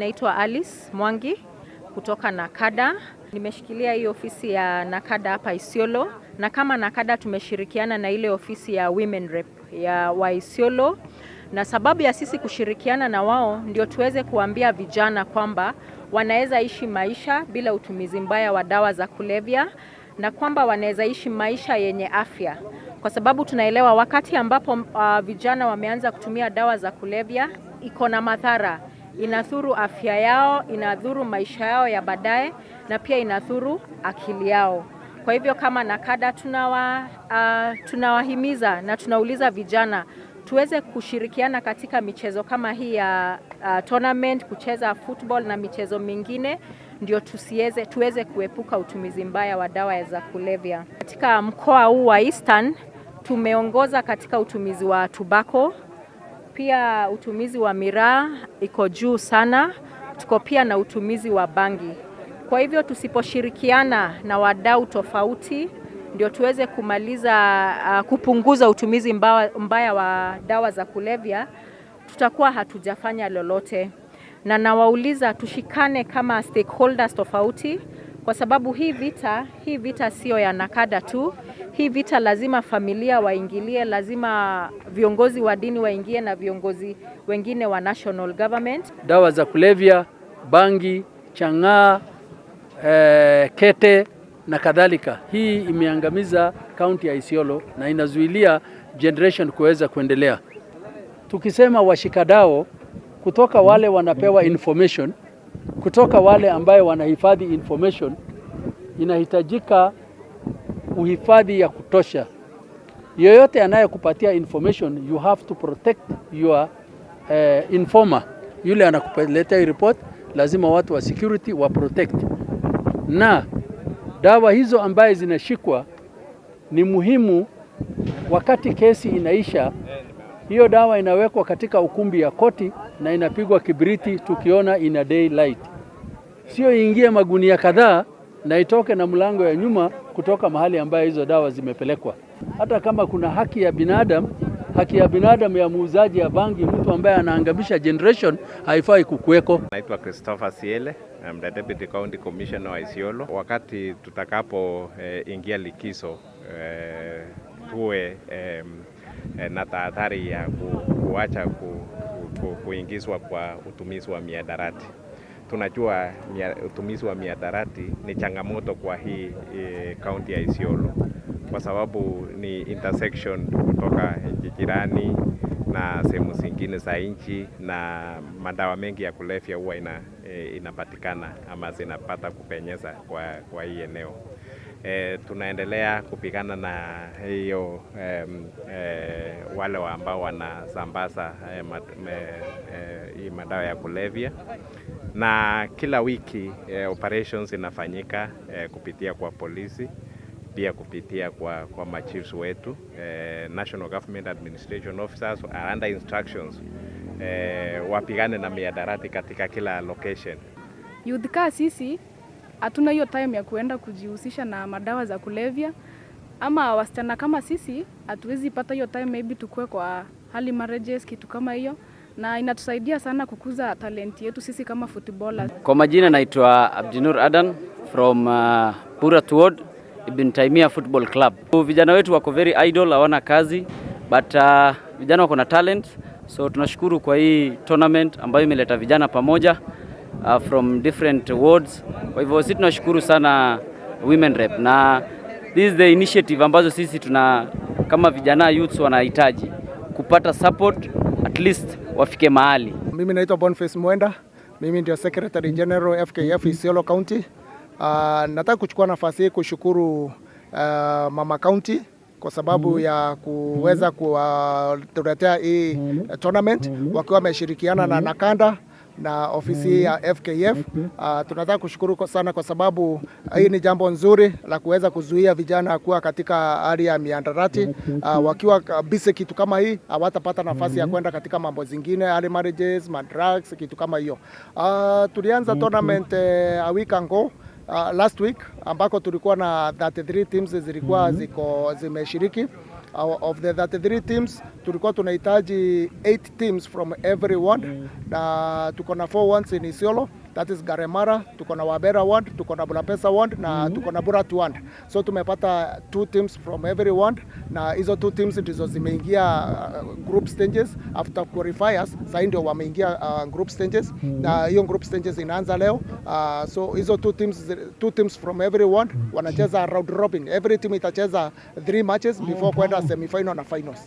Naitwa Alice Mwangi kutoka Nakada. Nimeshikilia hii ofisi ya Nakada hapa Isiolo, na kama Nakada tumeshirikiana na ile ofisi ya Women Rep ya wa Isiolo, na sababu ya sisi kushirikiana na wao ndio tuweze kuambia vijana kwamba wanaweza ishi maisha bila utumizi mbaya wa dawa za kulevya na kwamba wanaweza ishi maisha yenye afya, kwa sababu tunaelewa wakati ambapo uh, vijana wameanza kutumia dawa za kulevya iko na madhara inadhuru afya yao, inadhuru maisha yao ya baadaye, na pia inadhuru akili yao. Kwa hivyo kama NACADA tunawa, uh, tunawahimiza na tunauliza vijana tuweze kushirikiana katika michezo kama hii ya uh, tournament, kucheza football na michezo mingine ndio tusiweze tuweze kuepuka utumizi mbaya wa dawa za kulevya. Katika mkoa huu wa Eastern tumeongoza katika utumizi wa tubako pia utumizi wa miraa iko juu sana, tuko pia na utumizi wa bangi. Kwa hivyo tusiposhirikiana na wadau tofauti ndio tuweze kumaliza uh, kupunguza utumizi mbawa, mbaya wa dawa za kulevya, tutakuwa hatujafanya lolote, na nawauliza tushikane kama stakeholders tofauti kwa sababu hii vita hii vita siyo ya Nakada tu. Hii vita lazima familia waingilie, lazima viongozi wa dini waingie na viongozi wengine wa national government. Dawa za kulevya, bangi, chang'aa, eh, kete na kadhalika. Hii imeangamiza kaunti ya Isiolo na inazuilia generation kuweza kuendelea. Tukisema washikadao kutoka wale wanapewa information kutoka wale ambayo wanahifadhi information, inahitajika uhifadhi ya kutosha. Yoyote anayekupatia information, you have to protect your uh, informer. Yule anakuletea report, lazima watu wa security wa protect. Na dawa hizo ambaye zinashikwa ni muhimu, wakati kesi inaisha hiyo dawa inawekwa katika ukumbi ya koti na inapigwa kibriti, tukiona ina daylight, sio ingie magunia kadhaa na itoke na mlango ya nyuma kutoka mahali ambayo hizo dawa zimepelekwa. Hata kama kuna haki ya binadamu, haki ya binadamu ya muuzaji ya bangi, mtu ambaye anaangamisha generation haifai kukuweko. Naitwa Christopher Siele, I'm the Deputy County Commissioner wa Isiolo. Wakati tutakapoingia eh, likizo eh, tuwe eh, eh, na tahadhari ya kuacha ku, ku, kuingizwa kwa utumizi wa miadarati. Tunajua mia, utumizi wa miadarati ni changamoto kwa hii eh, kaunti eh, ya Isiolo kwa sababu ni intersection kutoka jirani na sehemu zingine za nchi, na madawa mengi ya kulevya huwa ina, e, inapatikana ama zinapata kupenyeza kwa, kwa hii eneo e, tunaendelea kupigana na hiyo e, e, wale wa ambao wanasambaza e, eh, mad, e, hii madawa ya kulevya na kila wiki e, operations inafanyika e, kupitia kwa polisi pia kupitia kwa, kwa machiefs wetu eh, National Government Administration Officers are under instructions eh, wapigane na miadarati katika kila location. Youth kaa sisi hatuna hiyo time ya kuenda kujihusisha na madawa za kulevya, ama wasichana kama sisi hatuwezi pata hiyo time, maybe tukue kwa hali marriages, kitu kama hiyo, na inatusaidia sana kukuza talenti yetu sisi kama footballers. Kwa majina naitwa Abdinur Adan from uh, Pura Ibn Taimia Football Club. Vijana wetu wako very idle, hawana kazi but uh, vijana wako na talent, so tunashukuru kwa hii tournament ambayo imeleta vijana pamoja uh, from different wards. Kwa hivyo sisi tunashukuru sana Women Rep na this is the initiative ambazo sisi tuna kama vijana youths wanahitaji kupata support at least wafike mahali. Mimi naitwa Boniface Mwenda, mimi ndio Secretary General FKF Isiolo County. Uh, nataka kuchukua nafasi hii kushukuru uh, Mama County kwa sababu mhm. ya kuweza mhm. kuwatuletea hii tournament wakiwa wameshirikiana na mhm. Nakanda na ofisi hii ya FKF. Uh, ah, tunataka kushukuru sana kwa sababu hii ni jambo nzuri la kuweza kuzuia vijana kuwa katika hali ya miandarati. Uh, ah, wakiwa kabisa kitu kama hii hawatapata nafasi ya mm-hmm. kwenda katika mambo zingine, early marriages, madrugs, kitu kama hiyo. Uh, tulianza mm-hmm. tournament uh, a week ago uh, last week ambako tulikuwa na 33 teams zilikuwa mm-hmm. ziko zimeshiriki our, of the 33 teams tulikuwa tunahitaji 8 teams from every mm. na tuko na 4 ones in Isiolo that is Garemara, tuko na Wabera ward, tuko na Bulapesa ward na mm -hmm. tuko na Burat ward. So tumepata two teams from every ward na hizo two teams ndizo zimeingia uh, group stages after qualifiers. Sasa ndio wameingia uh, group stages mm -hmm. na hiyo group stages inaanza leo uh, so hizo two teams two teams from every ward mhm. wanacheza round robin, every team itacheza three matches before mhm. kwenda kwenda final na finals.